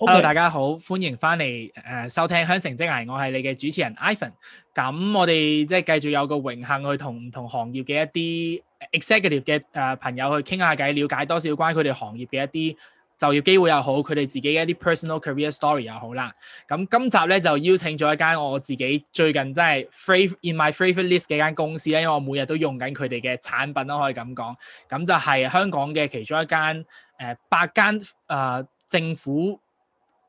Hello Okay. 大家好，歡迎翻嚟誒收聽香城職涯，我係你嘅主持人 Ivan。咁我哋即係繼續有個榮幸去同唔同行業嘅一啲 executive 嘅誒、呃、朋友去傾下偈，了解多少關於佢哋行業嘅一啲就業機會又好，佢哋自己嘅一啲 personal career story 又好啦。咁今集咧就邀請咗一間我自己最近真係 free in my favourite list 嘅一間公司咧，因為我每日都用緊佢哋嘅產品咯，可以咁講。咁就係香港嘅其中一間誒八、呃、間誒、呃、政府。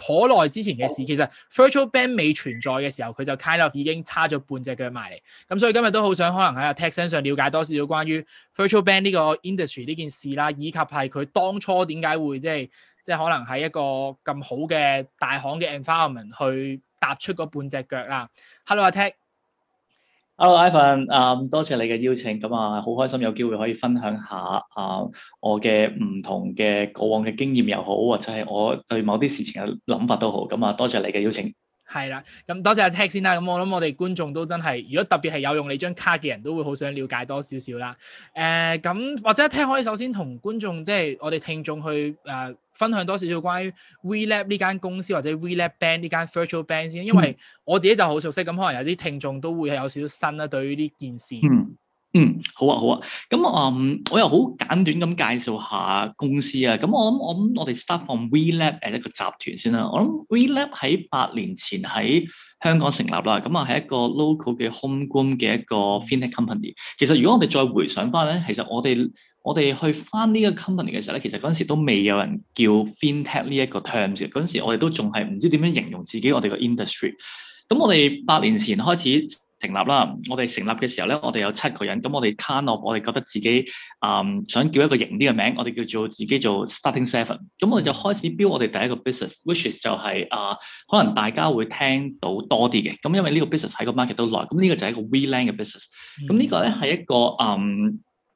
頗耐之前嘅事，其實 virtual bank 未存在嘅時候，佢就 kind of 已經差咗半隻腳埋嚟。咁所以今日都好想可能喺阿 Tat 身上了解多少少關於 virtual bank 呢個 industry 呢件事啦，以及係佢當初點解會即係即係可能喺一個咁好嘅大行嘅 environment 去踏出嗰半隻腳啦。Hello，阿 Tat。Hello，Ivan 啊，多謝你嘅邀請，咁啊，好開心有機會可以分享下啊，我嘅唔同嘅過往嘅經驗又好，或者係我對某啲事情嘅諗法都好，咁啊，多謝你嘅邀請。係啦，咁多謝阿 Tat 先啦。咁我諗我哋觀眾都真係，如果特別係有用你張卡嘅人都會好想了解多少少啦。誒、呃，咁或者聽可以首先同觀眾即係我哋聽眾去誒、呃、分享多少少關於 WeLab 呢間公司或者 WeLab Bank 呢間 virtual bank 先，因為我自己就好熟悉。咁、嗯、可能有啲聽眾都會有少少新啦，對於呢件事。嗯嗯，好啊，好啊。咁、嗯、啊，我又好簡短咁介紹下公司啊。咁我諗，我諗，我哋 Start from WeLab 誒一個集團先啦。我諗 WeLab 喺八年前喺香港成立啦。咁、嗯、啊，係一個 local 嘅 homegrown 嘅一個 FinTech company。其實如果我哋再回想翻咧，其實我哋我哋去翻呢個 company 嘅時候咧，其實嗰陣時都未有人叫 FinTech 呢一個 terms 嘅。嗰陣時我哋都仲係唔知點樣形容自己我哋個 industry。咁我哋八年前開始。成立啦！我哋成立嘅時候咧，我哋有七個人。咁、嗯、我哋 can up，我哋覺得自己啊、嗯，想叫一個型啲嘅名，我哋叫做自己做 Starting Seven、嗯。咁、嗯嗯、我哋就開始 build 我哋第一個 business，which is 就係啊，可能大家會聽到多啲嘅。咁、嗯、因為呢個 business 喺個 market 都耐，咁、嗯、呢、這個就係一個 WeLab 嘅 business、嗯。咁、嗯、呢個咧係一個嗯。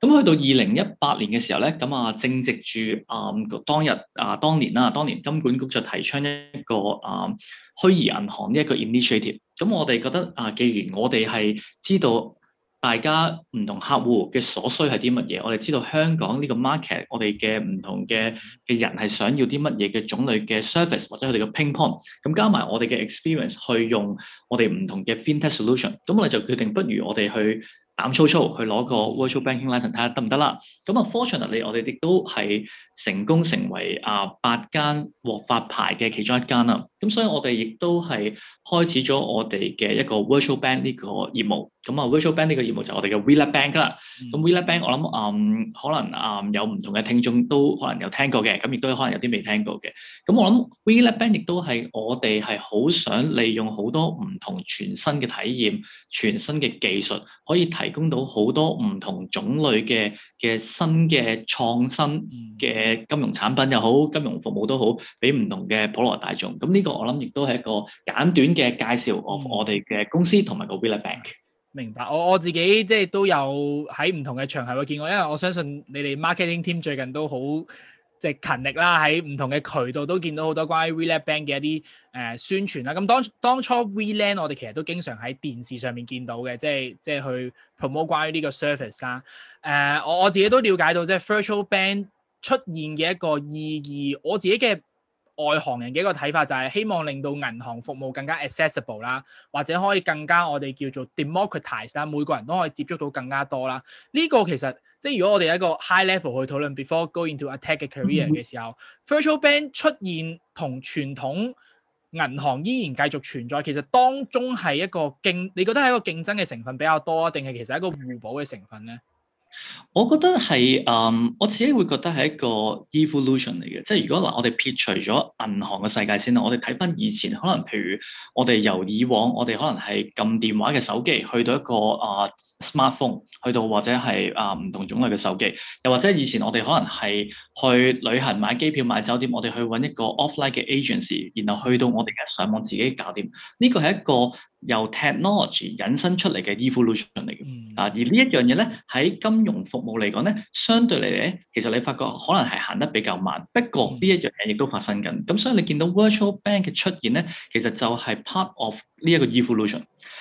咁去到二零一八年嘅時候咧，咁啊正值住啊當日啊當年啦，當年金管局就提倡一個啊虛擬銀行呢一個 initiative。咁我哋覺得啊，既然我哋係知道大家唔同客戶嘅所需係啲乜嘢，我哋知道香港呢個 market，我哋嘅唔同嘅嘅人係想要啲乜嘢嘅種類嘅 service 或者佢哋嘅 pain point，咁加埋我哋嘅 experience，去用我哋唔同嘅 fintech solution。咁我哋就決定不如我哋去，膽粗粗去攞個 virtual banking license 睇下得唔得啦。咁啊，fortunately 我哋亦都係成功成為啊八間獲發牌嘅其中一間啦。咁所以我哋亦都係，開始咗我哋嘅一個 virtual bank 呢個業務，咁啊 virtual bank 呢個業務就我哋嘅 WeLab Bank 啦。咁 WeLab、嗯、Bank 我諗嗯可能嗯有唔同嘅聽眾都可能有聽過嘅，咁亦都可能有啲未聽過嘅。咁我諗 WeLab Bank 亦都係我哋係好想利用好多唔同全新嘅體驗、全新嘅技術，可以提供到好多唔同種類嘅嘅新嘅創新嘅金融產品又好、金融服務都好，俾唔同嘅普羅大眾。咁呢個我諗亦都係一個簡短嘅嘅介紹，我我哋嘅公司同埋個 WeLab Bank 明白，我我自己即係都有喺唔同嘅場合見過，因為我相信你哋 marketing team 最近都好即係勤力啦，喺唔同嘅渠道都見到好多關於 WeLab Bank 嘅一啲誒宣傳啦。咁當當初 WeLab 我哋其實都經常喺電視上面見到嘅，即係即係去 promote 關於呢個 service 啦。誒、呃，我我自己都了解到即係、就是、virtual bank 出現嘅一個意義，我自己嘅。外行人嘅一個睇法就係希望令到銀行服務更加 accessible 啦，或者可以更加我哋叫做 democratize 啦，每個人都可以接觸到更加多啦。呢、這個其實即係如果我哋一個 high level 去討論 before going into Tat's 嘅 career 嘅時候、嗯、virtual bank 出現同傳統銀行依然繼續存在，其實當中係一個競，你覺得係一個競爭嘅成分比較多啊，定係其實一個互補嘅成分咧？我覺得係誒，我自己會覺得係一個 evolution 嚟嘅，即係如果嗱，我哋撇除咗銀行嘅世界先啦，我哋睇翻以前，可能譬如我哋由以往我哋可能係撳電話嘅手機，去到一個啊、uh, smartphone，去到或者係啊唔同種類嘅手機，又或者以前我哋可能係去旅行買機票買酒店，我哋去揾一個 offline 嘅 agency，然後去到我哋而家上網自己搞掂，呢、這個係一個由 technology 引申出嚟嘅 evolution 嚟嘅，啊、嗯，而呢一樣嘢咧喺金融服務嚟講咧，相對嚟嚟咧，其實你發覺可能係行得比較慢。不過呢一樣嘢亦都發生緊，咁所以你見到 virtual bank 嘅出現咧，其實就係 part of 呢一個 evolution、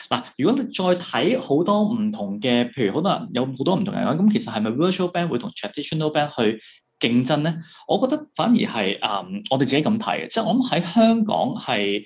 啊。嗱，如果你再睇好多唔同嘅，譬如好多人有好多唔同人講，咁其實係咪 virtual bank 會同 traditional bank 去競爭咧？我覺得反而係嗯，我哋自己咁睇嘅，即係我諗喺香港係。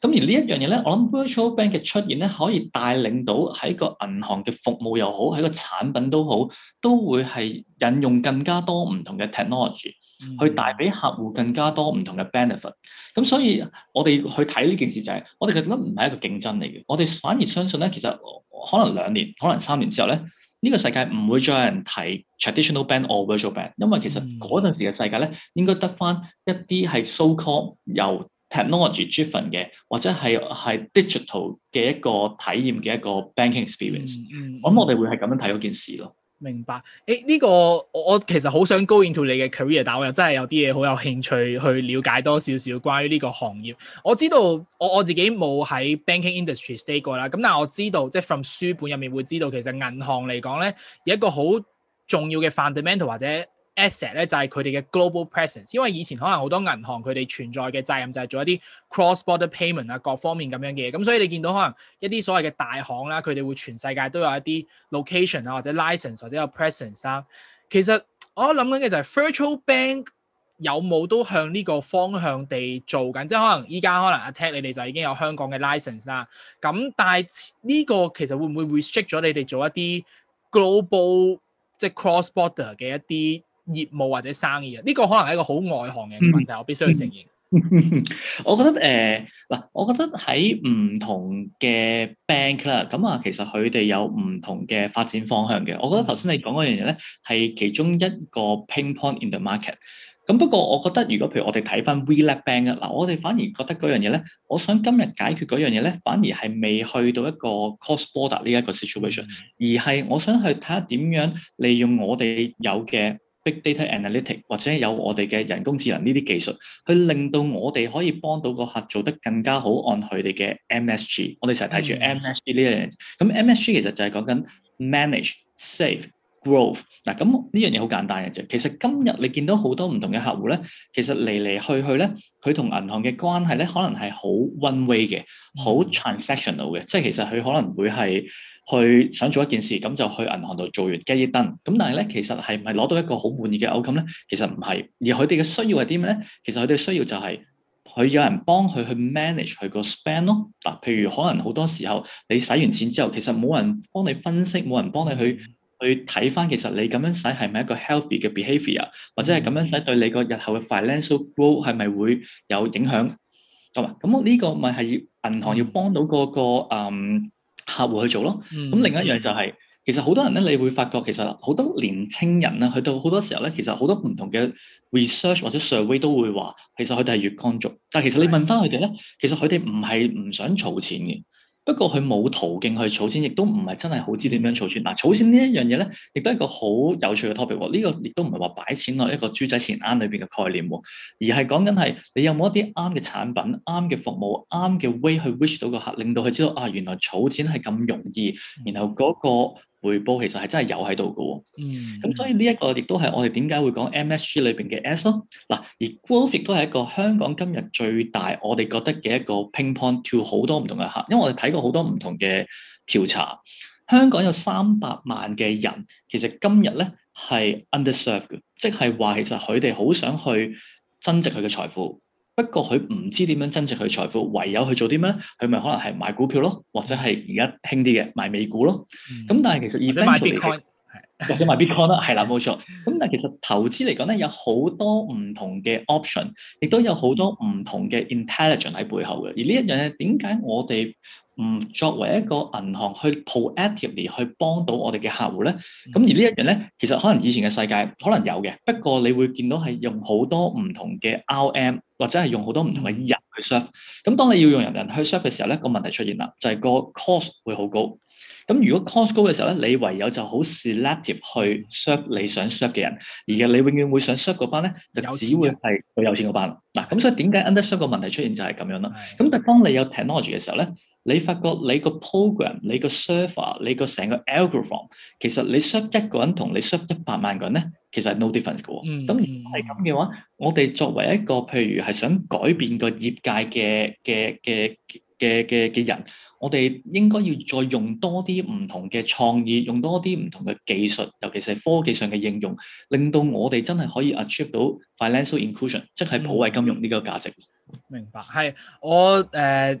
咁而呢一樣嘢咧，我諗 virtual bank 嘅出現咧，可以帶領到喺個銀行嘅服務又好，喺個產品都好，都會係引用更加多唔同嘅 technology 去帶俾客戶更加多唔同嘅 benefit。咁、嗯、所以，我哋去睇呢件事就係、是，我哋其實覺得唔係一個競爭嚟嘅，我哋反而相信咧，其實可能兩年，可能三年之後咧，呢、呢個世界唔會再有人提 traditional bank or virtual bank，因為其實嗰陣時嘅世界咧，應該得翻一啲係 so called 又。technology driven 嘅或者係係 digital 嘅一個體驗嘅一個 banking experience，咁、嗯嗯嗯、我哋會係咁樣睇嗰件事咯。明白？誒、欸、呢、這個我其實好想 go into 你嘅 career，但我又真係有啲嘢好有興趣去了解多少少關於呢個行業。我知道我我自己冇喺 banking industry stay 過啦，咁但係我知道即係 from 書本入面會知道其實銀行嚟講咧，有一個好重要嘅 fundamental 或者。Asset 咧就係佢哋嘅 global presence，因為以前可能好多銀行佢哋存在嘅責任就係做一啲 cross border payment 啊，各方面咁樣嘅嘢，咁所以你見到可能一啲所謂嘅大行啦，佢哋會全世界都有一啲 location 啊，或者 license 或者有 presence 啦。其實我諗緊嘅就係 virtual bank 有冇都向呢個方向地做緊，即係可能依家可能阿 Tat 你哋就已經有香港嘅 license 啦。咁但係呢個其實會唔會 restrict 咗你哋做一啲 global 即係 cross border 嘅一啲？業務或者生意啊，呢、這個可能係一個好外行嘅問題，我必須要承認 我、呃。我覺得誒嗱，我覺得喺唔同嘅 bank 啦，咁啊，其實佢哋有唔同嘅發展方向嘅。我覺得頭先你講嗰樣嘢咧，係其中一個 pain point in the market。咁、嗯、不過我覺得，如果譬如我哋睇翻 WeLab Bank 嘅嗱，我哋反而覺得嗰樣嘢咧，我想今日解決嗰樣嘢咧，反而係未去到一個 cost border 呢一個 situation，而係我想去睇下點樣利用我哋有嘅。Big data analytic 或者有我哋嘅人工智能呢啲技術，去令到我哋可以幫到個客做得更加好，按佢哋嘅 MSG，我哋成日睇住 MSG 呢樣嘢。咁、嗯、MSG 其實就係講緊 manage、save、growth 嗱。咁呢樣嘢好簡單嘅啫。其實今日你見到好多唔同嘅客戶咧，其實嚟嚟去去咧，佢同銀行嘅關係咧，可能係好 one way 嘅，好 transactional 嘅，即係其實佢可能會係。去想做一件事，咁就去銀行度做完雞翼蛋。咁但係咧，其實係唔係攞到一個好滿意嘅 outcome 咧？其實唔係。而佢哋嘅需要係啲咩咧？其實佢哋嘅需要就係、是、佢有人幫佢去 manage 佢個 spend 咯。嗱、啊，譬如可能好多時候你使完錢之後，其實冇人幫你分析，冇人幫你去去睇翻，其實你咁樣使係咪一個 healthy 嘅 behavior 或者係咁樣使對你個日後嘅 financial growth 係咪會有影響？咁啊，咁呢個咪係銀行要幫到嗰、那個嗯。客戶去做咯，咁、嗯、另一樣就係、是，嗯、其實好多人咧，你會發覺其實好多年青人咧，去到好多時候咧，其實好多唔同嘅 research 或者 survey 都會話，其實佢哋係越抗族月光族。但係其實你問翻佢哋咧，的其實佢哋唔係唔想儲錢嘅。不過佢冇途徑去儲錢，亦都唔係真係好知點樣儲錢。嗱、啊，儲錢呢一樣嘢咧，亦都係一個好有趣嘅 topic 喎。呢、這個亦都唔係話擺錢落一個豬仔錢罌裏邊嘅概念喎，而係講緊係你有冇一啲啱嘅產品、啱嘅服務、啱嘅 way 去 reach 到個客，令到佢知道啊，原來儲錢係咁容易，然後嗰、那個。回報其實係真係有喺度嘅喎，咁、嗯、所以呢一個亦都係我哋點解會講 MSG 裏邊嘅 S 咯、啊，嗱而 Grow 亦都係一個香港今日最大我哋覺得嘅一個 pain point to 好多唔同嘅客，因為我哋睇過好多唔同嘅調查，香港有三百萬嘅人其實今日咧係 underserved，即係話其實佢哋好想去增值佢嘅財富。不過佢唔知點樣增值佢財富，唯有去做啲咩？佢咪可能係買股票咯，或者係而家興啲嘅買美股咯。咁、嗯、但係其實以 Bitcoin 或者買 Bitcoin 啦，係啦冇錯。咁但係其實投資嚟講咧，有好多唔同嘅 option，亦都有好多唔同嘅 intelligence 喺背後嘅。而呢一樣咧，點解我哋？嗯，作為一個銀行去 proactively 去幫到我哋嘅客戶咧，咁、嗯、而呢一樣咧，其實可能以前嘅世界可能有嘅，不過你會見到係用好多唔同嘅 RM 或者係用好多唔同嘅人去 serve。咁、嗯、當你要用人人去 serve 嘅時候咧，個問題出現啦，就係、是、個 cost 會好高。咁如果 cost 高嘅時候咧，你唯有就好 selective 去 serve 你想 serve 嘅人，而你永遠會想 serve 嗰班咧，就只會係佢有錢嗰班。嗱、嗯，咁所以點解 underserve 個問題出現就係咁樣啦。咁、嗯、但係當你有 technology 嘅時候咧。你發覺你，program，你，ver，你個 program、你個 server、你個成個 algorithm，其實你 serve 一個人同你 serve 一百萬個人咧，其實係 no difference 嘅喎。唔係咁嘅話，我哋作為一個譬如係想改變個業界嘅嘅嘅嘅嘅嘅人，我哋應該要再用多啲唔同嘅創意，用多啲唔同嘅技術，尤其是係科技上嘅應用，令到我哋真係可以 achieve 到 financial inclusion，即係普惠金融呢個價值、嗯。明白，係我誒。呃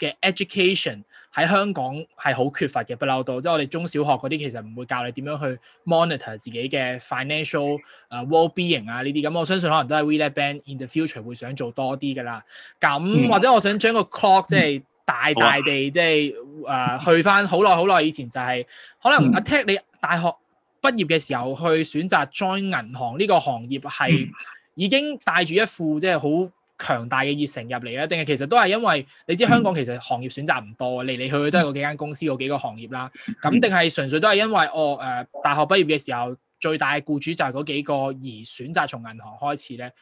嘅 education 喺香港係好缺乏嘅，不嬲到即係我哋中小學嗰啲其實唔會教你點樣去 monitor 自己嘅 financial、uh, well、being 啊 w r l d b e i n g 啊呢啲，咁我相信可能都係 WeLab Bank in the future 會想做多啲噶啦。咁或者我想將個 clock 即係大大地即係誒去翻好耐好耐以前就係、是、可能阿 Tat 你大學畢業嘅時候去選擇 join 銀行呢個行業係、嗯、已經帶住一副即係好。就是強大嘅熱誠入嚟啊，定係其實都係因為你知香港其實行業選擇唔多，嚟嚟去去都係嗰幾間公司嗰幾個行業啦。咁定係純粹都係因為我誒、哦呃、大學畢業嘅時候最大嘅僱主就係嗰幾個而選擇從銀行開始咧？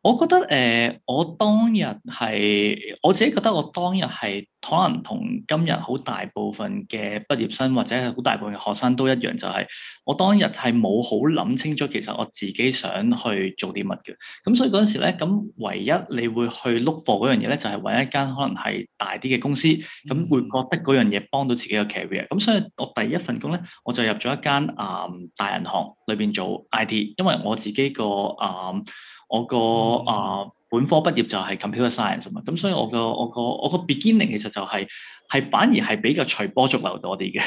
我覺得誒、呃，我當日係我自己覺得我當日係可能同今日好大部分嘅畢業生或者係好大部分嘅學生都一樣，就係、是、我當日係冇好諗清楚，其實我自己想去做啲乜嘅。咁所以嗰陣時咧，咁唯一你會去 look for 嗰樣嘢咧，就係、是、揾一間可能係大啲嘅公司，咁會覺得嗰樣嘢幫到自己嘅 career。咁所以，我第一份工咧，我就入咗一間啊、呃、大銀行裏邊做 IT，因為我自己個啊。呃我個啊、呃、本科畢業就係 computer science 嘛，咁所以我個我個我個 beginning 其實就係、係、係反而係比較隨波逐流多啲嘅。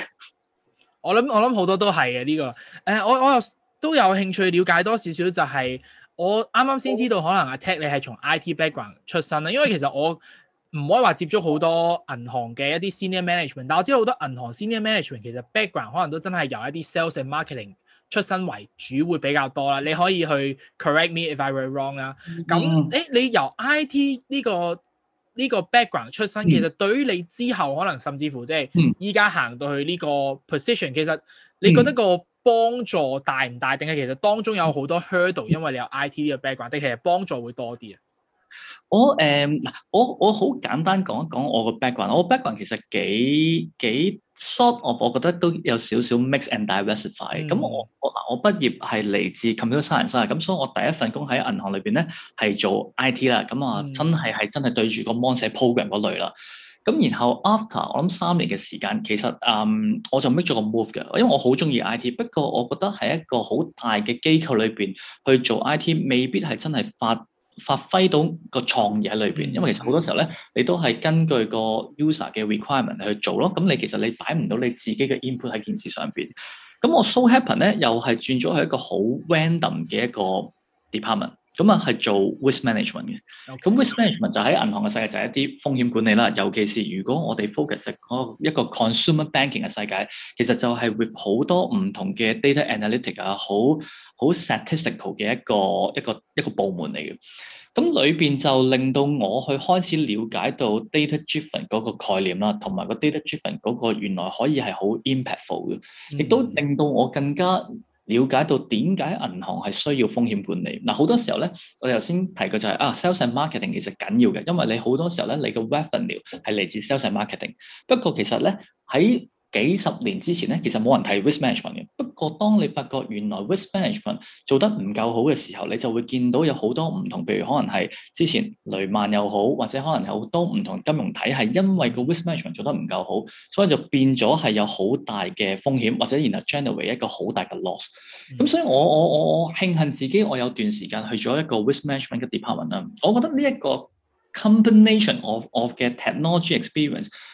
我諗我諗好多都係嘅呢個，誒、呃、我我又都有興趣了解多少少就係我啱啱先知道可能阿 Tat 你係從 IT background 出身啦，因為其實我唔可以話接觸好多銀行嘅一啲 senior management，但我知道好多銀行 senior management 其實 background 可能都真係由一啲 sales and marketing。出身為主會比較多啦，你可以去 correct me if I were wrong 啦、嗯。咁誒，你由 I T 呢個呢個 background 出身，其實對於你之後可能甚至乎即係依家行到去呢個 position，其實你覺得個幫助大唔大？定係其實當中有好多 hurdle，因為你有 I T 呢個 background，定係幫助會多啲啊？我誒嗱，我我好簡單講一講我個 background。我 background 其實幾幾 short，我我覺得都有少少 mix and diversify、嗯。咁我我我畢業係嚟自 computer science，咁所以我第一份工喺銀行裏邊咧係做 IT 啦。咁啊，真係係真係對住個 Mon 寫 program 嗰類啦。咁然後 after 我諗三年嘅時間，其實嗯、um, 我就 make 咗個 move 嘅，因為我好中意 IT，不過我覺得喺一個好大嘅機構裏邊去做 IT，未必係真係發。發揮到個創意裏邊，因為其實好多時候咧，你都係根據個 user 嘅 requirement 去做咯。咁你其實你擺唔到你自己嘅 input 喺件事上邊。咁我 so happen 咧，又係轉咗去一個好 random 嘅一個 department。咁啊係做 risk management 嘅。咁 risk management 就喺銀行嘅世界就係一啲風險管理啦。尤其是如果我哋 focus 喺個一個 consumer banking 嘅世界，其實就係 with 好多唔同嘅 data analytics 啊，好，好 statistical 嘅一個一個一個部門嚟嘅，咁裏邊就令到我去開始了解到 data driven 嗰個概念啦，同埋個 data driven 嗰個原來可以係好 impactful 嘅，亦都令到我更加了解到點解銀行係需要風險管理。嗱、嗯、好多時候咧，我哋頭先提過就係、是、啊，sales and marketing 其實緊要嘅，因為你好多時候咧，你個 revenue 係嚟自 sales and marketing。不過其實咧喺幾十年之前咧，其實冇人睇 risk management 嘅。不過，當你發覺原來 risk management 做得唔夠好嘅時候，你就會見到有好多唔同，譬如可能係之前雷曼又好，或者可能有好多唔同金融體系，因為個 risk management 做得唔夠好，所以就變咗係有好大嘅風險，或者然後 generally 一個好大嘅 loss。咁、嗯、所以我我我我慶幸自己我有段時間去咗一個 risk management 嘅 department 啦。我覺得呢一個 combination of of 嘅 technology experience。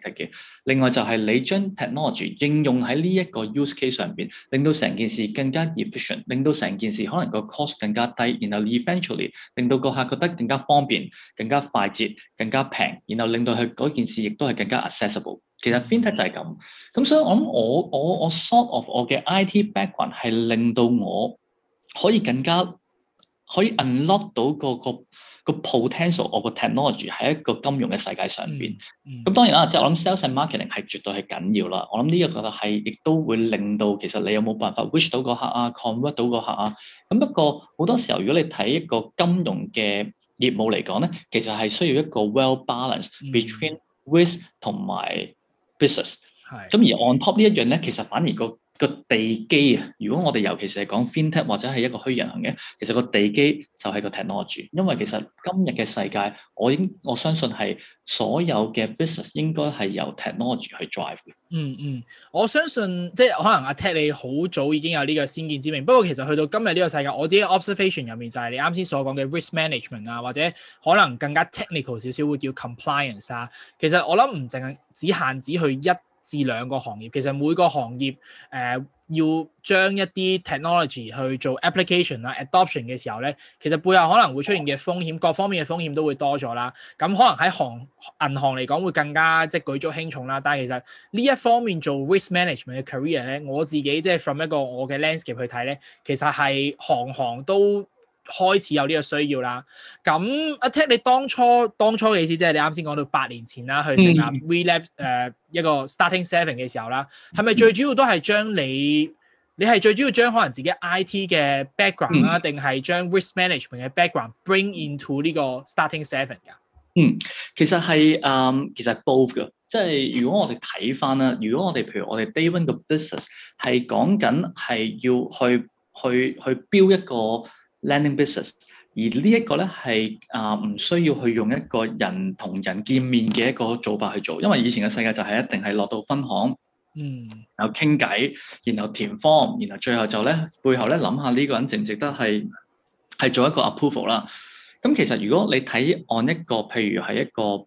嘅，另外就係你將 technology 應用喺呢一個 use case 上邊，令到成件事更加 efficient，令到成件事可能個 cost 更加低，然後 eventually 令到個客覺得更加方便、更加快捷、更加平，然後令到佢嗰件事亦都係更加 accessible。其實 Fintech 就係咁，咁所以我諗我我我 sort of 我嘅 IT background 係令到我可以更加可以 unlock 到個、嗰個，個 potential of technology 喺一個金融嘅世界上邊，咁、嗯、當然啦，即係、啊、我諗想 sales and marketing 係絕對係緊要啦。我諗呢一個係亦都會令到其實你有冇辦法 reach 到個客啊，convert 到個客啊。咁不過好多時候，如果你睇一個金融嘅業務嚟講咧，其實係需要一個 well balance、嗯、between risk 同埋 business、嗯。係、嗯。咁而 on top 一呢一樣咧，其實反而個個地基啊！如果我哋尤其是係講 FinTech 或者係一個虛人行嘅，其實個地基就係個 technology。因為其實今日嘅世界，我已經我相信係所有嘅 business 應該係由 technology 去 drive 嘅。嗯嗯，我相信即係可能阿 Tat 你好早已經有呢個先見之明。不過其實去到今日呢個世界，我自己 observation 入面就係你啱先所講嘅 risk management 啊，或者可能更加 technical 少少會叫 compliance 啊。其實我諗唔淨係只限止去一至兩個行業，其實每個行業誒、呃、要將一啲 technology 去做 application 啊 adoption 嘅時候咧，其實背後可能會出現嘅風險，各方面嘅風險都會多咗啦。咁、嗯、可能喺行銀行嚟講會更加即係舉足輕重啦。但係其實呢一方面做 risk management 嘅 career 咧，我自己即係、就是、from 一個我嘅 landscape 去睇咧，其實係行行都開始有呢個需要啦。咁阿 Tat 你當初當初嘅意思，即係你啱先講到八年前啦，嗯、去成立 WeLab、呃、一個 Starting Seven 嘅時候啦，係咪、嗯、最主要都係將你你係最主要將可能自己 IT 嘅 background 啦、嗯，定係將 Risk Management 嘅 background bring into 呢個 Starting Seven 㗎、嗯？嗯，其實係嗯其實 both 嘅，即係如果我哋睇返啦，如果我哋譬如我哋 day one 嘅 business 係講緊係要去去去標一個。Lending business，而呢一個咧係啊唔需要去用一個人同人見面嘅一個做法去做，因為以前嘅世界就係一定係落到分行，嗯，然後傾偈，然後填 form，然後最後就咧背後咧諗下呢想想個人值唔值得係係做一個 approval 啦。咁、嗯、其實如果你睇按一個譬如係一個。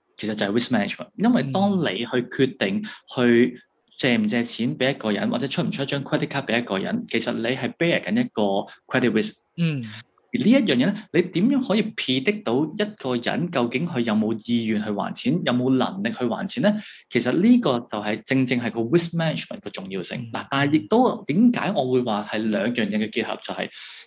其實就係 risk management，因為當你去決定去借唔借錢俾一個人，或者出唔出張 credit card 俾一個人，其實你係 bear 緊一個 credit risk。嗯。而呢一樣嘢咧，你點樣可以 predict 到一個人究竟佢有冇意願去還錢，有冇能力去還錢咧？其實呢個就係正正係個 risk management 嘅重要性。嗱、嗯，但係亦都點解我會話係兩樣嘢嘅結合就係、是。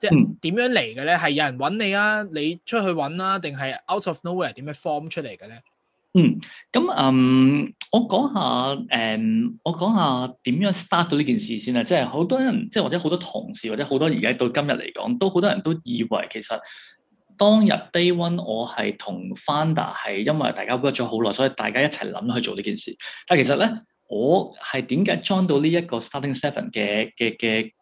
即係點樣嚟嘅咧？係有人揾你啊，你出去揾啦，啊，定係 out of nowhere 點樣 form 出嚟嘅咧？嗯，咁嗯，我講下誒，我講下點樣 start 到呢件事先啦。即係好多人，即係或者好多同事，或者好多而家到今日嚟講，都好多人都以為其實當日 day one 我係同 Founder 係、er、因為大家 work 咗好耐，所以大家一齊諗去做呢件事。但其實咧，我係點解 join 到呢一個 Starting Seven 嘅嘅嘅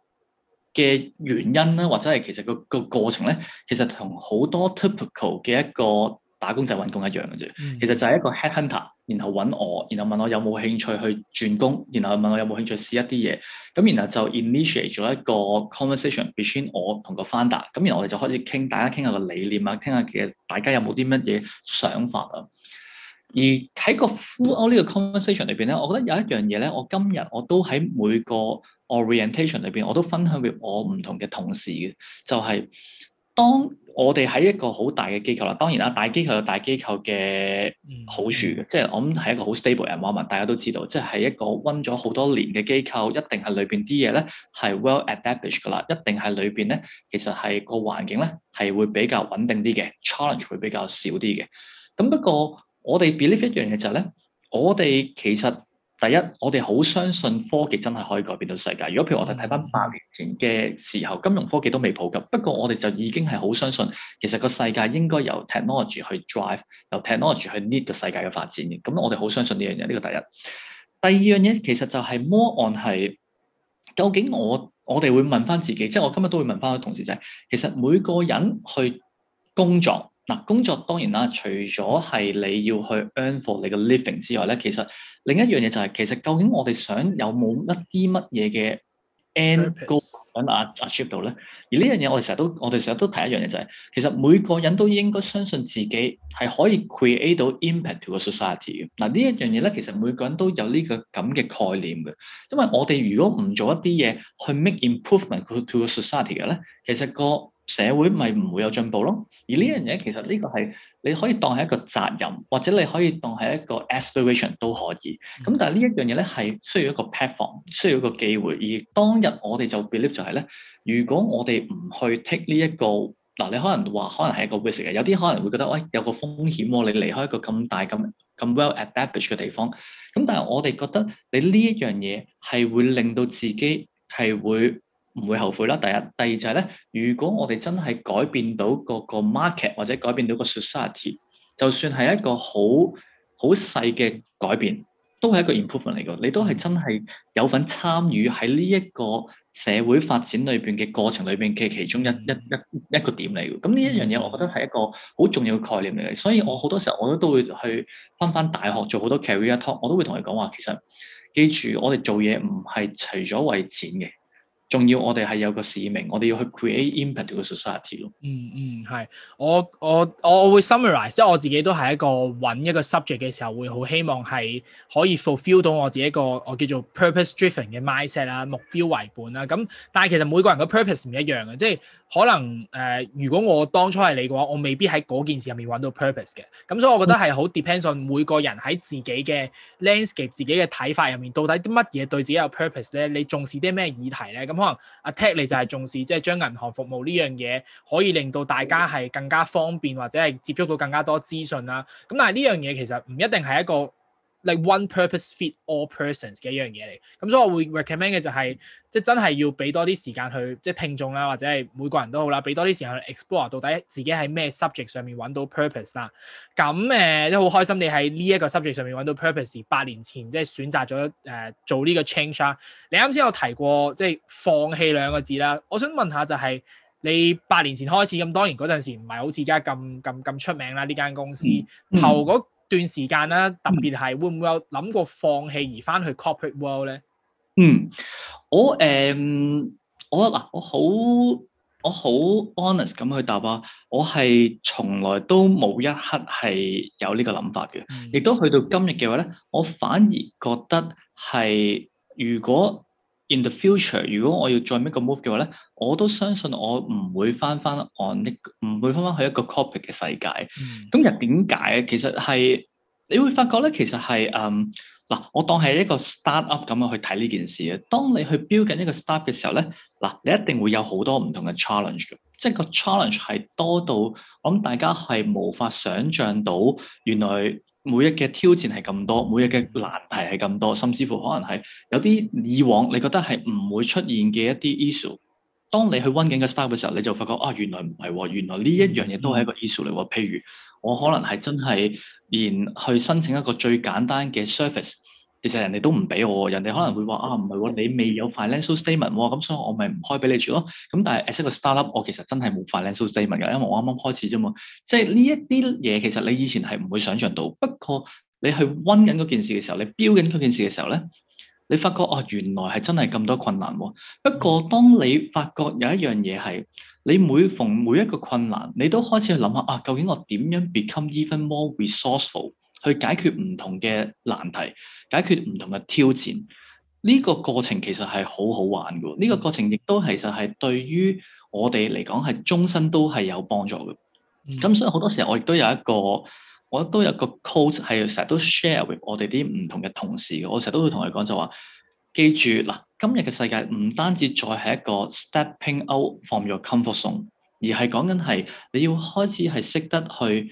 嘅原因啦，或者係其實個個過程咧，其實同好多 typical 嘅一個打工仔揾工一樣嘅啫。嗯、其實就係一個 headhunter，然後揾我，然後問我有冇興趣去轉工，然後問我有冇興趣試一啲嘢。咁然後就 initiate 咗一個 conversation between 我同個 founder。咁然後我哋就開始傾大家傾下個理念啊，傾下其實大家有冇啲乜嘢想法啊。而喺個 full ou 呢個 conversation 裏邊咧，我覺得有一樣嘢咧，我今日我都喺每個 orientation 裏邊，我都分享俾我唔同嘅同事嘅，就係、是、當我哋喺一個好大嘅機構啦。當然啦，大機構有大機構嘅好處嘅，即係、嗯、我諗係一個好 stable environment，大家都知道，即、就、係、是、一個溫咗好多年嘅機構，一定係裏邊啲嘢咧係 well established 噶啦，一定係裏邊咧其實係個環境咧係會比較穩定啲嘅，challenge 會比較少啲嘅。咁不過，我哋 believe 一樣嘢就係咧，我哋其實第一，我哋好相信科技真係可以改變到世界。如果譬如我哋睇翻百年前嘅時候，金融科技都未普及，不過我哋就已經係好相信，其實個世界應該由 technology 去 drive，由 technology 去 lead 個世界嘅發展。咁我哋好相信呢樣嘢，呢個第一。第二樣嘢其實就係 more on 係，究竟我我哋會問翻自己，即係我今日都會問翻個同事就係，其實每個人去工作。嗱，工作當然啦，除咗係你要去 earn for 你嘅 living 之外咧，其實另一樣嘢就係、是，其實究竟我哋想有冇一啲乜嘢嘅 end goal 喺啊 achievement 度咧？而呢樣嘢我哋成日都，我哋成日都提一樣嘢就係、是，其實每個人都應該相信自己係可以 create 到 impact to a society 嘅。嗱、啊，這個、呢一樣嘢咧，其實每個人都有呢、這個咁嘅概念嘅，因為我哋如果唔做一啲嘢去 make improvement to a society 嘅咧，其實個社會咪唔會有進步咯，而呢樣嘢其實呢個係你可以當係一個責任，或者你可以當係一個 aspiration 都可以。咁、嗯、但係呢一樣嘢咧係需要一個 platform，需要一個機會。而當日我哋就 believe 就係、是、咧，如果我哋唔去 take 呢、這、一個嗱，你可能話可能係一個 risk 嘅，有啲可能會覺得喂、哎、有個風險喎，你離開一個咁大咁咁 well-adapted 嘅地方。咁但係我哋覺得你呢一樣嘢係會令到自己係會唔會後悔啦！第一，第二就係咧，如果我哋真係改變到個個 market 或者改變到個 society，就算係一個好好細嘅改變，都係一個 improvement 嚟嘅。你都係真係有份參與喺呢一個社會發展裏邊嘅過程裏邊嘅其中一一一、嗯、一個點嚟嘅。咁呢一樣嘢，我覺得係一個好重要嘅概念嚟嘅。所以我好多時候我都都會去翻翻大學，做好多 career talk，我都會同你講話。其實記住，我哋做嘢唔係除咗為錢嘅。仲要我哋係有個使命，我哋要去 create impact to 個 society 咯，嗯。嗯嗯，係，我我我會 summarize，即係我自己都係一個揾一個 subject 嘅時候，會好希望係可以 fulfill 到我自己一個我叫做 purpose-driven 嘅 mindset 啦，目標為本啦。咁但係其實每個人嘅 purpose 唔一樣嘅，即係可能誒，呃，如果我當初係你嘅話，我未必喺嗰件事入面揾到 purpose 嘅。咁所以我覺得係好 depends on，嗯、每個人喺自己嘅 landscape，自己嘅睇法入面，到底啲乜嘢對自己有 purpose 咧？你重視啲咩議題咧？咁可能阿 Tat 你就係重視即係將銀行服務呢樣嘢可以令到大家係更加方便，或者係接觸到更加多資訊啦。咁但係呢樣嘢其實唔一定係一個。Like one purpose fit all persons 嘅一樣嘢嚟，咁所以我會 recommend 嘅就係即係真係要俾多啲時間去即係、就是、聽眾啦，或者係每個人都好啦，俾多啲時間去 explore 到底自己喺咩 subject 上面揾到 purpose 啦。咁誒都好開心你喺呢一個 subject 上面揾到 purpose，八年前即係選擇咗誒、呃、做呢個 change 啦。你啱先有提過即係、就是、放棄兩個字啦，我想問下就係、是、你八年前開始咁，當然嗰陣時唔係好似而家咁咁咁出名啦呢間公司頭、嗯嗯段時間啦，特別係會唔會有諗過放棄而翻去 Corporate World 咧？嗯，我誒，我嗱，我好，我好 honest 咁去答啊，我係從來都冇一刻係有呢個諗法嘅，亦都去到今日嘅話咧，我反而覺得係如果。In the future，如果我要再 make 個 move 嘅話咧，我都相信我唔會翻翻 on 呢，唔會翻翻去一個，個 corporate 嘅世界。咁、嗯、又邊點解？其實係你會發覺咧，其實係嗯嗱，我當係一個 start up 咁樣去睇呢件事嘅。當你去 build 緊一個 start up 嘅時候咧，嗱你一定會有好多唔同嘅 challenge 嘅，即係個 challenge 係多到我諗大家係無法想像到原來。每日嘅挑戰係咁多，每日嘅難題係咁多，甚至乎可能係有啲以往你覺得係唔會出現嘅一啲 issue，當你去温境嘅 style 嘅時候，你就發覺啊，原來唔係喎，原來呢一樣嘢都係一個 issue 嚟喎。嗯、譬如我可能係真係連去申請一個最簡單嘅 service。.其實人哋都唔俾我，人哋可能會話啊，唔係喎，你未有 financial statement 咁、哦嗯、所以我咪唔開俾你住咯。咁、嗯、但係 as 一個 startup，我其實真係冇 financial statement 嘅，因為我啱啱開始啫嘛。即係呢一啲嘢，其實你以前係唔會想像到。不過你去温緊嗰件事嘅時候，你標緊嗰件事嘅時候咧，你發覺啊，原來係真係咁多困難喎、哦。不過當你發覺有一樣嘢係，你每逢每一個困難，你都開始去諗下啊，究竟我點樣 become even more resourceful 去解決唔同嘅難題。解決唔同嘅挑戰，呢、這個過程其實係好好玩嘅。呢、這個過程亦都其實係對於我哋嚟講係終身都係有幫助嘅。咁、嗯、所以好多時候我亦都有一個，我都有個 code 係成日都 share with 我哋啲唔同嘅同事嘅。我成日都會同佢講就話、是，記住嗱，今日嘅世界唔單止再係一個 stepping out from your comfort zone，而係講緊係你要開始係識得去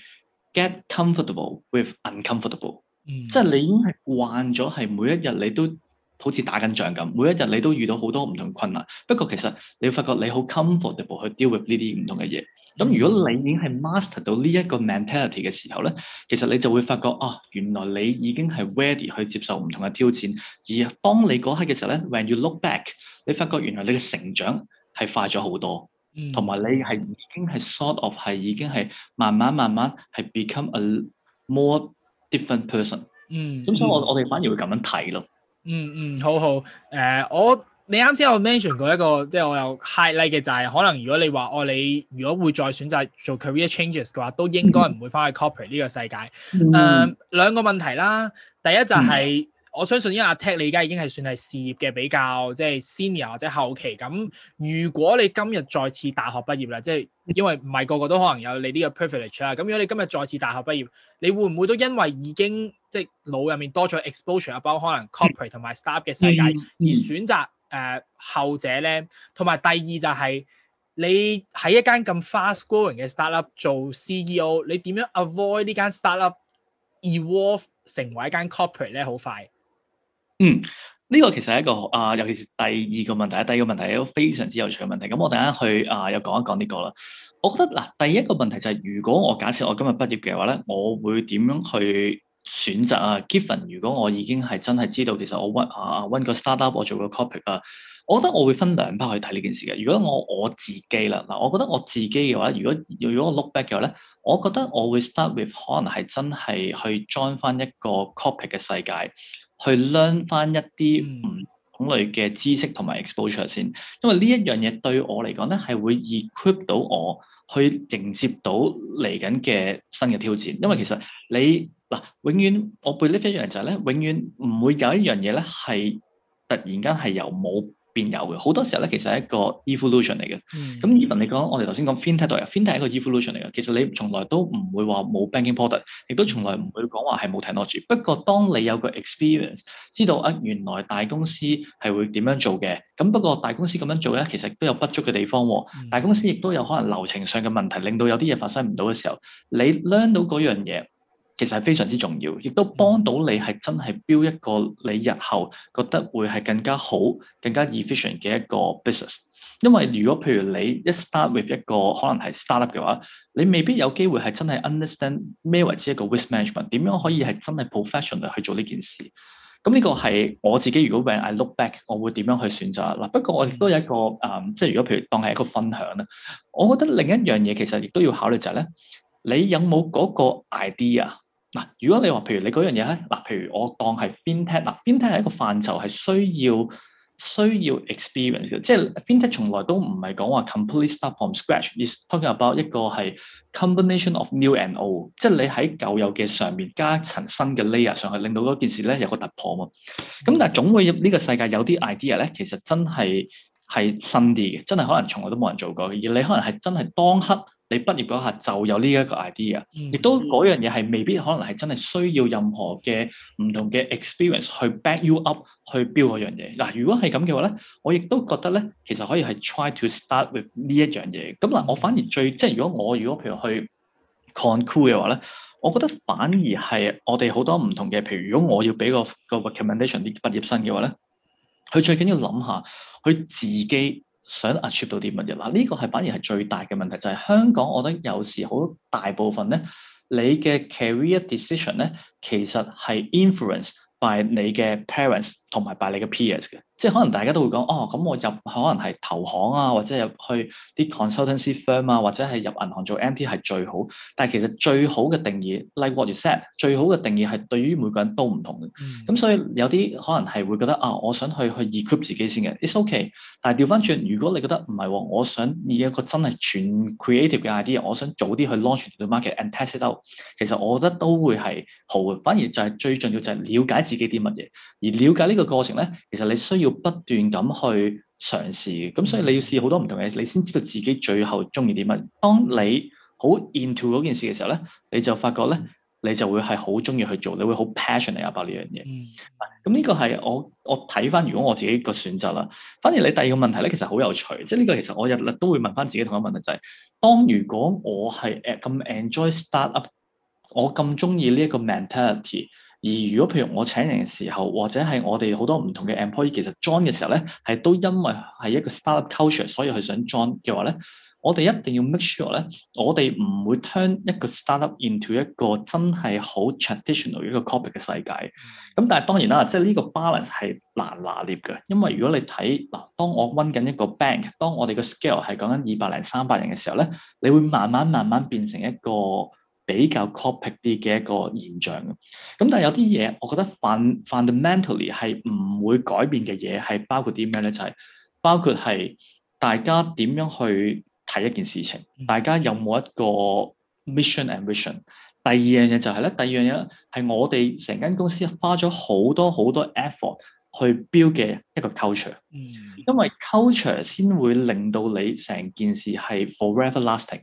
get comfortable with uncomfortable。即係你已經係慣咗，係每一日你都好似打緊仗咁，每一日你都遇到好多唔同困難。不過其實你會發覺你好 comfortable 去 deal with 呢啲唔同嘅嘢。咁如果你已經係 master 到呢一個 mentality 嘅時候咧，其實你就會發覺啊、哦，原來你已經係 ready 去接受唔同嘅挑戰。而當你嗰刻嘅時候咧，when you look back，你發覺原來你嘅成長係快咗好多，同埋、嗯、你係已經係 sort of 係已經係慢慢慢慢係 become a more。different person。嗯，咁所以我我哋反而會咁樣睇咯。嗯嗯，好好。誒、呃，我你啱先我 mention 過一個，即、就、係、是、我有 highlight 嘅就係、是，可能如果你話我、哦、你如果會再選擇做 career changes 嘅話，都應該唔會翻去 corporate 呢、嗯、個世界。誒、呃，兩個問題啦。第一就係、是。嗯我相信因為阿 Tat，你而家已經係算係事業嘅比較，即係 senior 或者後期。咁如果你今日再次大學畢業啦，即係因為唔係個個都可能有你呢個 privilege 啦。咁如果你今日再次大學畢業，你會唔會都因為已經即係腦入面多咗 exposure，包括可能 corporate 同埋 startup 嘅世界，而選擇誒後者咧？同埋第二就係你喺一間咁 fast growing 嘅 startup 做 CEO，你點樣 avoid 呢間 startup evolve 成為一間 corporate 咧？好快。嗯，呢、這個其實係一個啊、呃，尤其是第二個問題，第二個問題都非常之有趣嘅問題。咁我等下去啊、呃，又講一講呢個啦。我覺得嗱，第一個問題就係、是，如果我假設我今日畢業嘅話咧，我會點樣去選擇啊？Given 如果我已經係真係知道，其實我揾啊揾個 startup，我做個 corporate 啊，我覺得我會分兩 part 去睇呢件事嘅。如果我我自己啦，嗱，我覺得我自己嘅話，如果如果我 look back 嘅話咧，我覺得我會 start with 可能係真係去 join 返一個 corporate 嘅世界。去 learn 翻一啲唔同類嘅知識同埋 exposure 先，因為呢一樣嘢對我嚟講咧係會 equip 到我去迎接到嚟緊嘅新嘅挑戰，因為其實你嗱，永遠我 believe 呢一樣就係、是、咧，永遠唔會有一樣嘢咧係突然間係由冇。變有嘅，好多時候咧，其實係一個 evolution 嚟嘅。咁 even 你講，我哋頭先講 fin tech 都有，fin tech 係一個 evolution 嚟嘅。其實你從來都唔會話冇 banking product，亦都從來唔會講話係冇 technology。不過，當你有個 experience，知道啊，原來大公司係會點樣做嘅。咁不過大公司咁樣做咧，其實都有不足嘅地方，啊。嗯、大公司亦都有可能流程上嘅問題，令到有啲嘢發生唔到嘅時候，你 learn、嗯、到嗰樣嘢。其實係非常之重要，亦都幫到你係真係標一個你日後覺得會係更加好、更加 efficient 嘅一個 business。因為如果譬如你一 start with 一個可能係 startup 嘅話，你未必有機會係真係 understand 咩為之一個 risk management，點樣可以係真係 professional 去做呢件事。咁、嗯、呢、這個係我自己如果 when I look back，我會點樣去選擇嗱。不過我亦都有一個誒、嗯，即係如果譬如當係一個分享咧，我覺得另一樣嘢其實亦都要考慮就係、是、咧，你有冇嗰個 idea？嗱，如果你話，譬如你嗰樣嘢咧，嗱，譬如我當係 fintech，嗱，fintech 係一個範疇，係需要需要 experience，即係 fintech 從來都唔係講話 complete start、mm、from、hmm. scratch，is talking about 一個係 combination of new and old，即係你喺舊有嘅上面加一層新嘅 layer 上去，令到嗰件事咧有個突破喎。咁但係總會呢個世界有啲 idea 咧，其實真係係新啲嘅，真係可能從來都冇人做過嘅，而你可能係真係當刻。你畢業嗰下就有呢一個 idea，mm hmm. 亦都嗰樣嘢係未必可能係真係需要任何嘅唔同嘅 experience 去 back you up 去 build 嗰樣嘢。嗱，如果係咁嘅話咧，我亦都覺得咧，其實可以係 try to start with 呢一樣嘢。咁嗱，我反而最即係如果我如果譬如去 conclude 嘅話咧，我覺得反而係我哋好多唔同嘅，譬如如果我要俾個個 recommendation 啲畢業生嘅話咧，佢最緊要諗下佢自己。想 achieve 到啲乜嘢嗱，呢、這個係反而係最大嘅問題，就係、是、香港。我覺得有時好大部分咧，你嘅 career decision 咧，其實係 influence by 你嘅 parents 同埋 by 你嘅 peers 嘅。即係可能大家都會講哦，咁我入可能係投行啊，或者入去啲 consultancy firm 啊，或者係入銀行做 MT 係最好。但係其實最好嘅定義，like what you said，最好嘅定義係對於每個人都唔同嘅。咁、嗯、所以有啲可能係會覺得，啊，我想去去 equip 自己先嘅，it's ok。但係調翻轉，如果你覺得唔係喎，我想以一個真係全 creative 嘅 idea，我想早啲去 launch to market and test it out。其實我覺得都會係好，反而就係最重要就係了解自己啲乜嘢。而了解呢個過程咧，其實你需要。要不斷咁去嘗試，咁所以你要試好多唔同嘅嘢，你先知道自己最後中意啲乜。當你好 into 嗰件事嘅時候咧，你就發覺咧，你就會係好中意去做，你會好 passion a t 嚟阿伯呢樣嘢。咁呢個係我我睇翻，如果我自己個選擇啦。反而你第二個問題咧，其實好有趣，即係呢個其實我日日都會問翻自己同一個問題，就係、是、當如果我係誒咁 enjoy start up，我咁中意呢一個 mentality。而如果譬如我請人嘅時候，或者係我哋好多唔同嘅 employee 其實 join 嘅時候咧，係都因為係一個 startup culture，所以佢想 join 嘅話咧，我哋一定要 make sure 咧，我哋唔會 turn 一個 startup into 一個真係好 traditional 一個 corporate 嘅世界。咁、嗯、但係當然啦，即係呢個 balance 係難拿捏嘅，因為如果你睇嗱，當我揾緊一個 bank，當我哋嘅 scale 係講緊二百零三百人嘅時候咧，你會慢慢慢慢變成一個，比較 copy 啲嘅一個現象嘅，咁但係有啲嘢，我覺得 fundamentally 係唔會改變嘅嘢係包括啲咩咧？就係、是、包括係大家點樣去睇一件事情，嗯、大家有冇一個 mission and vision。第二樣嘢就係、是、咧，第二樣嘢係我哋成間公司花咗好多好多 effort 去 build 嘅一個 culture，、嗯、因為 culture 先會令到你成件事係 forever lasting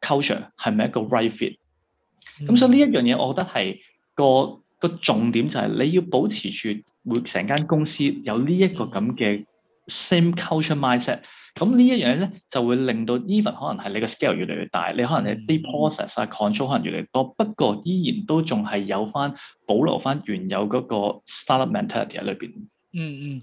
Culture 係咪一個 right fit？咁所以呢一樣嘢，我覺得係個個重點就係你要保持住會成間公司有呢一個咁嘅 same culture mindset。咁呢一樣咧就會令到 even 可能係你個 scale 越嚟越大，你可能係啲 process 啊 control 可能越嚟越多，不過依然都仲係有翻保留翻原有嗰個 startup mentality 喺裏邊。嗯嗯，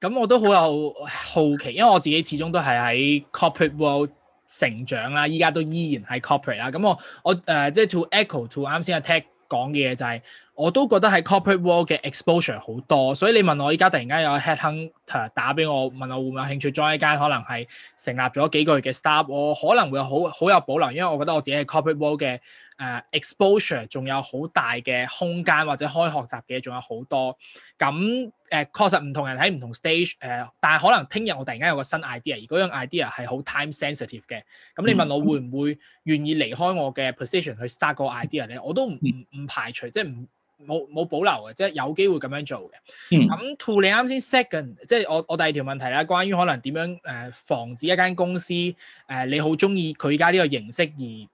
咁我都好有好奇，因為我自己始終都係喺 Corporate World。成長啦，依家都依然係 corporate 啦。咁我我誒、呃、即係 to echo to 啱先阿 Tech 講嘅嘢，a、就係、是、我都覺得係 corporate world 嘅 exposure 好多。所以你問我依家突然間有 headhunter 打俾我，問我會唔會有興趣 join 一間可能係成立咗幾個月嘅 startup，我可能會好好有保留，因為我覺得我自己係 corporate world 嘅。誒、uh, exposure 仲有好大嘅空間，或者開學習嘅仲有好多咁。誒、呃、確實唔同人喺唔同 stage 誒、呃，但係可能聽日我突然間有個新 idea，而嗰樣 idea 係好 time sensitive 嘅，咁你問我會唔會願意離開我嘅 position 去 start 個 idea 咧？我都唔唔排除，即係唔冇冇保留嘅，即係有機會咁樣做嘅。咁 two 你啱先 second，即係我我第二條問題啦，關於可能點樣誒、呃、防止一間公司誒、呃、你好中意佢而家呢個形式而。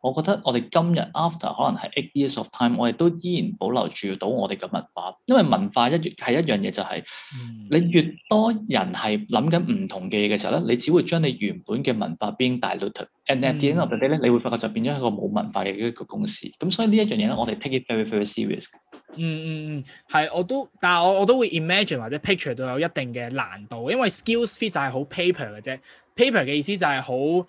我覺得我哋今日 after 可能係 eight years of time，我哋都依然保留住到我哋嘅文化，因為文化一係一樣嘢就係、是，你越多人係諗緊唔同嘅嘢嘅時候咧，你只會將你原本嘅文化變 diluted，and at the end of the day 咧、嗯，你會發覺就變咗一個冇文化嘅一個公司。咁所以呢一樣嘢咧，我哋 take it very very serious。嗯嗯嗯，係我都，但係我我都會 imagine 或者 picture 到有一定嘅難度，因為 skills fit 就係好 paper 嘅啫，paper 嘅意思就係好。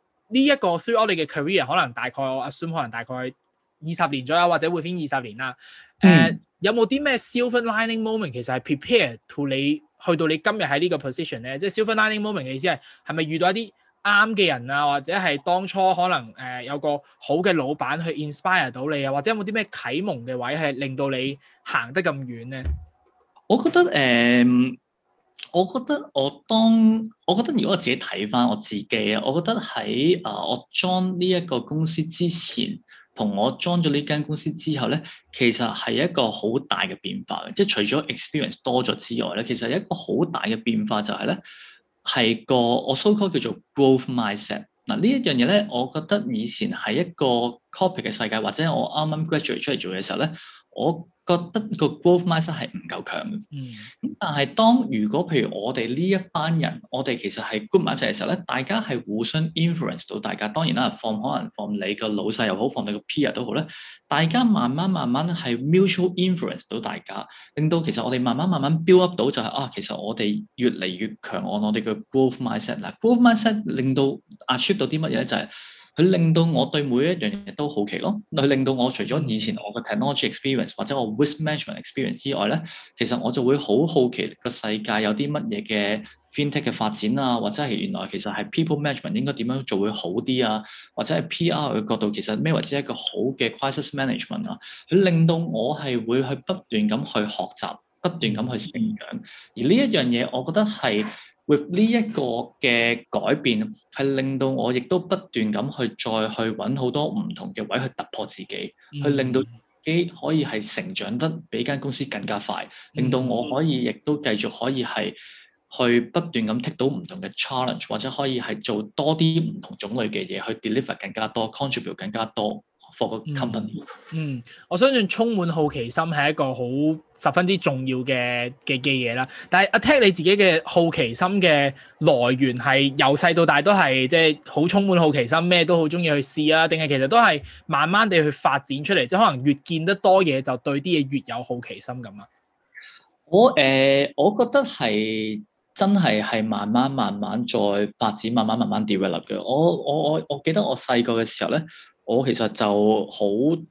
呢一個 throughout 你嘅 career，可能大概我 assume 可能大概二十年左右，或者會變二十年啦。誒，嗯 uh, 有冇啲咩 silver lining moment 其實係 prepare to 你去到你今日喺呢個 position 咧？即係 silver lining moment 嘅意思係係咪遇到一啲啱嘅人啊？或者係當初可能誒、uh, 有個好嘅老闆去 inspire 到你啊？或者有冇啲咩啟蒙嘅位係令到你行得咁遠咧？我覺得誒。呃我覺得我當，我覺得如果我自己睇翻我自己啊，我覺得喺啊我 join 呢一個公司之前同我 join 咗呢間公司之後咧，其實係一個好大嘅變化嘅，即係除咗 experience 多咗之外咧，其實一個好大嘅變化就係咧係個我 so call 叫做 growth mindset 嗱，呢一樣嘢咧，我覺得以前係一個 copy 嘅世界，或者我啱啱 graduate 出嚟做嘅時候咧，我覺得個 growth mindset 係唔夠強嘅，嗯，咁但係當如果譬如我哋呢一班人，我哋其實係 group 埋一齊嘅時候咧，大家係互相 influence 到大家，當然啦，from 可能 from 你個老細又好，from 你個 peer 都好啦，大家慢慢慢慢係 mutual influence 到大家，令到其實我哋慢慢慢慢 build up 到就係、是、啊，其實我哋越嚟越強，按我哋嘅 growth mindset，嗱 growth mindset 令到 achieve 到啲乜嘢咧就係、是。佢令到我對每一樣嘢都好奇咯，佢令到我除咗以前我嘅 technology experience 或者我 risk management experience 之外咧，其實我就會好好奇個世界有啲乜嘢嘅 fintech 嘅發展啊，或者係原來其實係 people management 應該點樣做會好啲啊，或者係 PR 嘅角度其實咩為之一個好嘅 crisis management 啊，佢令到我係會去不斷咁去學習，不斷咁去成長，而呢一樣嘢我覺得係。呢一個嘅改變係令到我亦都不斷咁去再去揾好多唔同嘅位去突破自己，嗯、去令到自己可以係成長得比間公司更加快，嗯、令到我可以亦都繼續可以係去不斷咁剔到唔同嘅 challenge，或者可以係做多啲唔同種類嘅嘢去 deliver 更加多，contribute 更加多。嗯，嗯，我相信充滿好奇心係一個好十分之重要嘅嘅嘅嘢啦。但係，阿 Tat 你自己嘅好奇心嘅來源係由細到大都係即係好充滿好奇心，咩都好中意去試啊？定係其實都係慢慢地去發展出嚟，即係可能越見得多嘢，就對啲嘢越有好奇心咁啊？我誒、呃，我覺得係真係係慢慢慢慢再發展，慢慢慢慢 develop 嘅。我我我我記得我細個嘅時候咧。我其實就好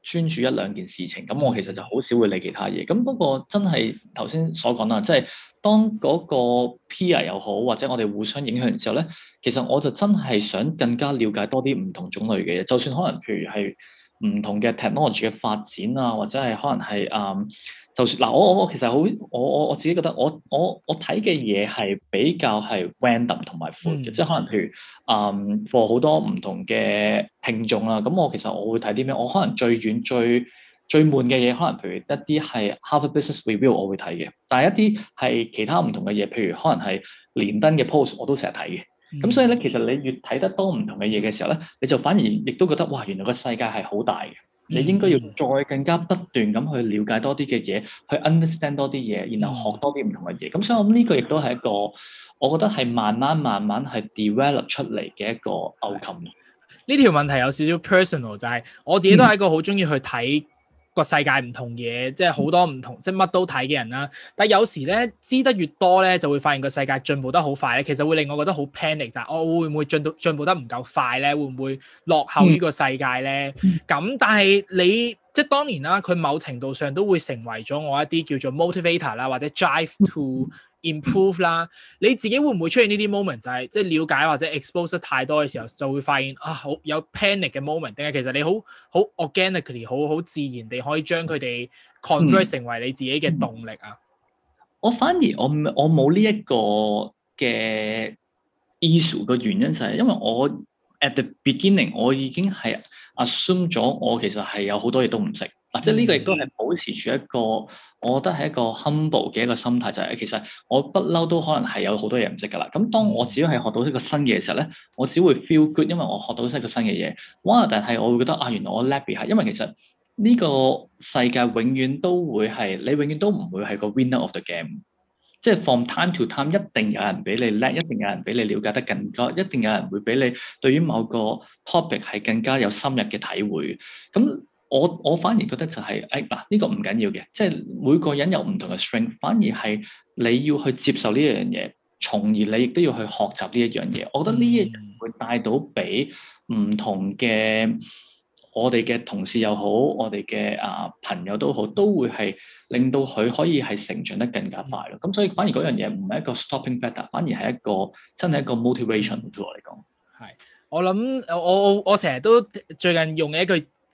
專注一兩件事情，咁我其實就好少會理其他嘢。咁不過真係頭先所講啦，即係當嗰個 peer 又好，或者我哋互相影響之後咧，其實我就真係想更加了解多啲唔同種類嘅嘢。就算可能譬如係唔同嘅 technology 嘅發展啊，或者係可能係誒，嗯就算嗱，我我我其實好，我我我自己覺得我，我我我睇嘅嘢係比較係 random 同埋闊嘅，嗯、即係可能譬如嗯，for 好多唔同嘅聽眾啦，咁、嗯、我其實我會睇啲咩？我可能最遠最最悶嘅嘢，可能譬如一啲係 Harvard Business Review 我會睇嘅，但係一啲係其他唔同嘅嘢，譬如可能係連登嘅 post 我都成日睇嘅。咁、嗯、所以咧，其實你越睇得多唔同嘅嘢嘅時候咧，你就反而亦都覺得哇，原來個世界係好大嘅。你應該要再更加不斷咁去了解多啲嘅嘢，去 understand 多啲嘢，然後學多啲唔同嘅嘢。咁、嗯嗯、所以我諗呢個亦都係一個，我覺得係慢慢慢慢係 develop 出嚟嘅一個 outcome。呢條問題有少少 personal，就係、是、我自己都係一個好中意去睇、嗯，個世界唔同嘢，即係好多唔同，即係乜都睇嘅人啦。但係有時咧，知得越多咧，就會發現個世界進步得好快咧。其實會令我覺得好 panic，就係我會唔會進到進步得唔夠快咧？會唔會落後呢個世界咧？咁、嗯、但係你即係當然啦，佢某程度上都會成為咗我一啲叫做 motivator 啦，或者 drive to。improve 啦、嗯，你自己會唔會出現呢啲 moment？就係即係了解或者 expose 得太多嘅時候，就會發現啊，好有 panic 嘅 moment，定係其實你好好 organically 好好自然地可以將佢哋 convey 成為你自己嘅動力啊？嗯、我反而我我冇呢一個嘅 issue 嘅原因就係因為我 at the beginning，我已經係 assume 咗我其實係有好多嘢都唔識。或者呢個亦都係保持住一個，我覺得係一個 humble 嘅一個心態，就係、是、其實我不嬲都可能係有好多嘢唔識噶啦。咁當我只要係學到一個新嘢嘅時候咧，我只會 feel good，因為我學到識一個新嘅嘢。One 但係，我會覺得啊，原來我叻啲係，因為其實呢個世界永遠都會係你永遠都唔會係個 winner of the game，即係 from time to time 一定有人比你叻，一定有人比你瞭解得更多，一定有人會比你對於某個 topic 係更加有深入嘅體會。咁我我反而覺得就係誒嗱呢個唔緊要嘅，即係每個人有唔同嘅 strength，反而係你要去接受呢一樣嘢，從而你亦都要去學習呢一樣嘢。我覺得呢一樣會帶到俾唔同嘅、嗯、我哋嘅同事又好，我哋嘅啊朋友都好，都會係令到佢可以係成長得更加快咯。咁所以反而嗰樣嘢唔係一個 stopping factor，反而係一個真係一個 motivation 對我嚟講。係，我諗我我成日都最近用嘅一句。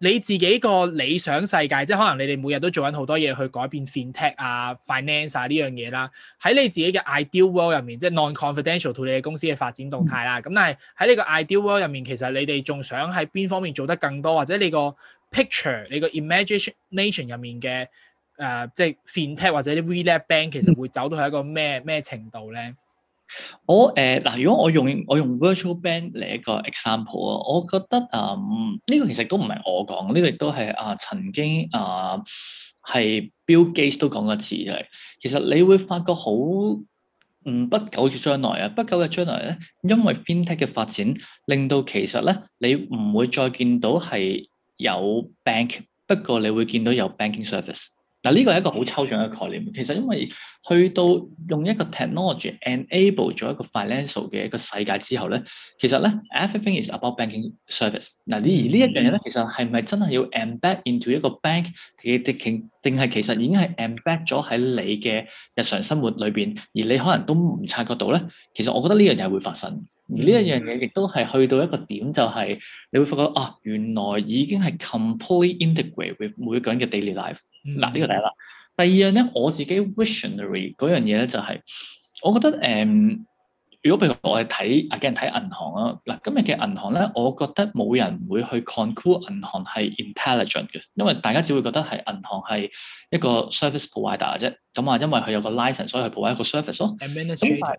你自己個理想世界，即係可能你哋每日都做緊好多嘢去改變 FinTech 啊、Finance 啊呢樣嘢啦。喺你自己嘅 Ideal World 入面，即係 non-confidential to 你哋公司嘅發展動態啦。咁但係喺呢個 Ideal World 入面，其實你哋仲想喺邊方面做得更多，或者你個 picture、你個 imagination 入面嘅誒，即係 FinTech 或者啲 Retail Bank 其實會走到係一個咩咩程度咧？我誒嗱、呃，如果我用我用 virtual bank 嚟一個 example 啊，我覺得啊，呢、嗯這個其實都唔係我講，呢、這個亦都係啊曾經啊係、呃、Bill Gates 都講過一次，其實你會發覺好嗯不久嘅將來啊，不久嘅將來咧，因為 Fintech 嘅發展令到其實咧，你唔會再見到係有 bank，不過你會見到有 banking service。嗱，呢個係一個好抽象嘅概念。其實因為去到用一個 technology enable 咗一個 financial 嘅一個世界之後咧，其實咧 everything is about banking service。嗱，而呢一樣嘢咧，其實係唔係真係要 embed into 一個 bank 嘅 taking，定係其實已經係 embed 咗喺你嘅日常生活裏邊，而你可能都唔察覺到咧。其實我覺得呢樣嘢會發生。而呢一樣嘢亦都係去到一個點，就係你會發覺啊，原來已經係 completely integrate with 每個人嘅 daily life。嗱，呢個第一啦。第二樣咧，我自己 visionary 嗰樣嘢咧，就係我覺得誒，如果譬如我係睇，我見人睇銀行啦。嗱，今日嘅銀行咧，我覺得冇、嗯啊、人，人會去 conclude 銀行係 intelligent 嘅，因為大家只會覺得係銀行係一個 service provider 啫。咁啊，因為佢有個 license，所以佢做一個 service 咯。嗯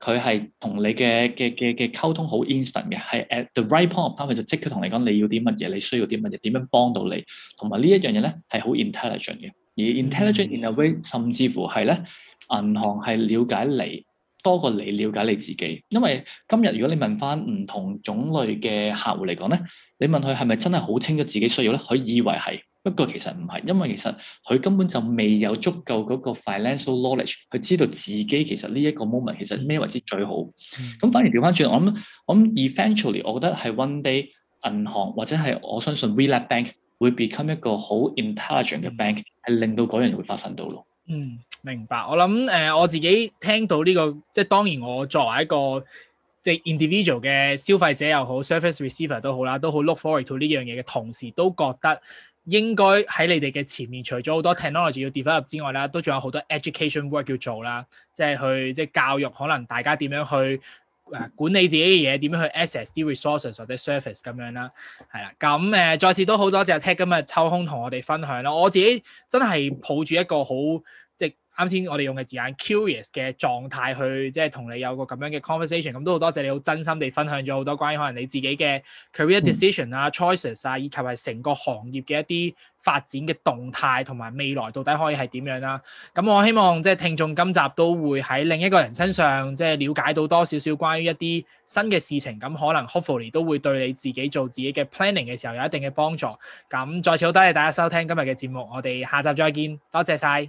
佢係同你嘅嘅嘅嘅溝通好 instant 嘅，係 at the right point of time 佢就即刻同你講你要啲乜嘢，你需要啲乜嘢，點樣幫到你，同埋呢一樣嘢咧係好 intelligent 嘅，而 intelligent in a way 甚至乎係咧銀行係了解你多過你了解你自己，因為今日如果你問翻唔同種類嘅客戶嚟講咧，你問佢係咪真係好清楚自己需要咧？佢以為係。不過其實唔係，因為其實佢根本就未有足夠嗰個 financial knowledge，佢知道自己其實呢一個 moment 其實咩為之最好。咁、嗯、反而調翻轉，我諗我諗 eventually，我覺得係 one day 銀行或者係我相信 WeLab Bank 會 become 一個好 intelligent 嘅 bank，係、嗯、令到嗰樣會發生到咯。嗯，明白。我諗誒、呃，我自己聽到呢、呢個即係當然我作為一個即係 individual 嘅消費者又好 service receiver 都好啦，都好 look forward to 呢樣嘢嘅同時，都覺得。應該喺你哋嘅前面，除咗好多 technology 要 develop 之外啦，都仲有好多 education work 要做啦，即係去即係教育，可能大家點樣去誒、啊、管理自己嘅嘢，點樣去 access 啲 resources 或者 service 咁樣啦，係啦，咁、嗯、誒再次都好多謝 Tat 今日抽空同我哋分享啦，我自己真係抱住一個好。啱先我哋用嘅字眼 curious 嘅狀態去即係同你有個咁樣嘅 conversation，咁都好多謝你好真心地分享咗好多關於可能你自己嘅 career decision 啊 choices 啊，以及係成個行業嘅一啲發展嘅動態同埋未來到底可以係點樣啦、啊。咁我希望即係聽眾今集都會喺另一個人身上即係了解到多少少關於一啲新嘅事情，咁可能 hopefully 都會對你自己做自己嘅 planning 嘅時候有一定嘅幫助。咁再次好多謝大家收聽今日嘅節目，我哋下集再見，多謝晒。